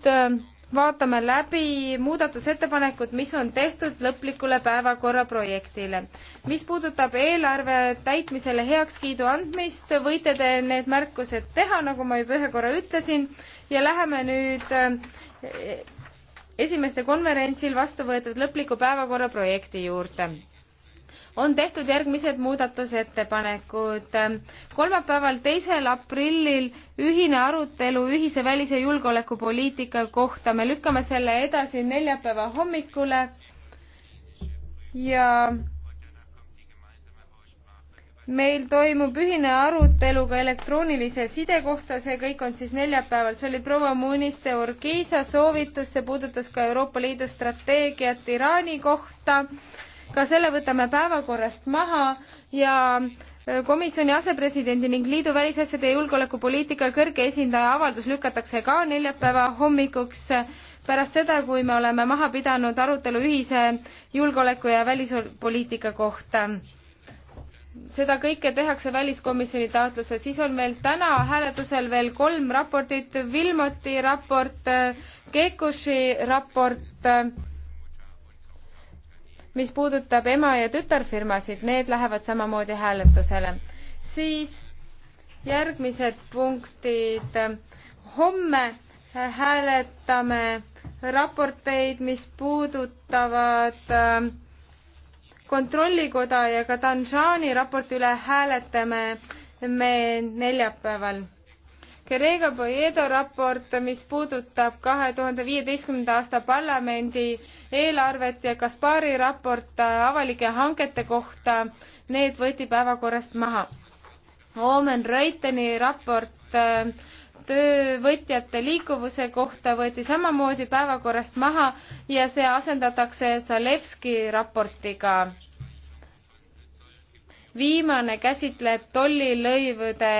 nüüd äh, vaatame läbi muudatusettepanekud, mis on tehtud lõplikule päevakorra projektile. mis puudutab eelarve täitmisele heakskiidu andmist, võite te need märkused teha, nagu ma juba ühe korra ütlesin ja läheme nüüd äh, esimeste konverentsil vastu võetud lõpliku päevakorra projekti juurde on tehtud järgmised muudatusettepanekud. kolmapäeval, teisel aprillil ühine arutelu ühise välis- ja julgeolekupoliitika kohta. me lükkame selle edasi neljapäeva hommikule ja meil toimub ühine arutelu ka elektroonilise side kohta, see kõik on siis neljapäeval, see oli proua Muniste Urgiisa soovitus, see puudutas ka Euroopa Liidu strateegiat Iraani kohta ka selle võtame päevakorrast maha ja äh, komisjoni asepresidendi ning liidu välisasjade ja julgeolekupoliitika kõrge esindaja avaldus lükatakse ka neljapäeva hommikuks äh, pärast seda, kui me oleme maha pidanud arutelu ühise julgeoleku ja välispoliitika kohta. seda kõike tehakse väliskomisjoni taotlusel, siis on meil täna hääletusel veel kolm raportit, Vilmoti raport, äh, Kekuši raport mis puudutab ema ja tütarfirmasid, need lähevad samamoodi hääletusele. siis järgmised punktid. homme hääletame raporteid, mis puudutavad ähm, kontrollikoda ja ka Danjani raporti üle hääletame me neljapäeval Gerego Poiedo raport, mis puudutab kahe tuhande viieteistkümnenda aasta parlamendi eelarvet ja Kaspari raport avalike hangete kohta, need võeti päevakorrast maha. Oomen Reuteni raport äh, töövõtjate liikuvuse kohta võeti samamoodi päevakorrast maha ja see asendatakse Zalewski raportiga. viimane käsitleb tollilõivude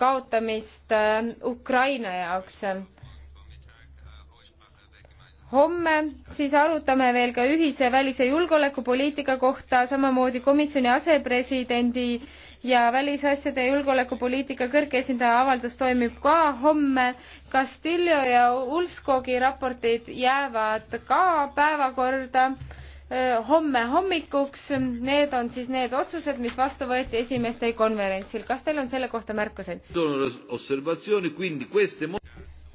kaotamist äh, Ukraina jaoks. homme siis arutame veel ka ühise välise julgeolekupoliitika kohta, samamoodi komisjoni asepresidendi ja välisasjade ja julgeolekupoliitika kõrge esindaja avaldus toimib ka homme. Castillo ja Ulfskogi raportid jäävad ka päevakorda homme hommikuks. Need on siis need otsused, mis vastu võeti esimeste konverentsil. kas teil on selle kohta märkuseid?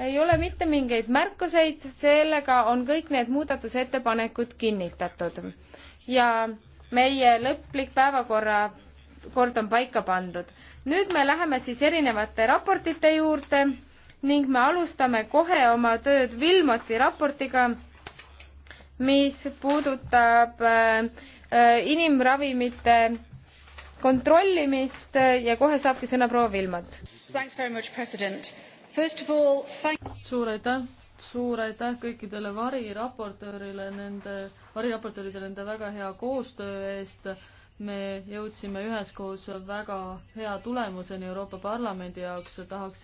ei ole mitte mingeid märkuseid, sellega on kõik need muudatusettepanekud kinnitatud ja meie lõplik päevakorra kord on paika pandud. nüüd me läheme siis erinevate raportite juurde ning me alustame kohe oma tööd Vilmoti raportiga mis puudutab äh, inimravimite kontrollimist ja kohe saabki sõna proua Vilmad. suur aitäh, suur aitäh kõikidele variraportöörile nende, variraportööridele nende väga hea koostöö eest. me jõudsime üheskoos väga hea tulemuseni Euroopa Parlamendi jaoks, tahaksin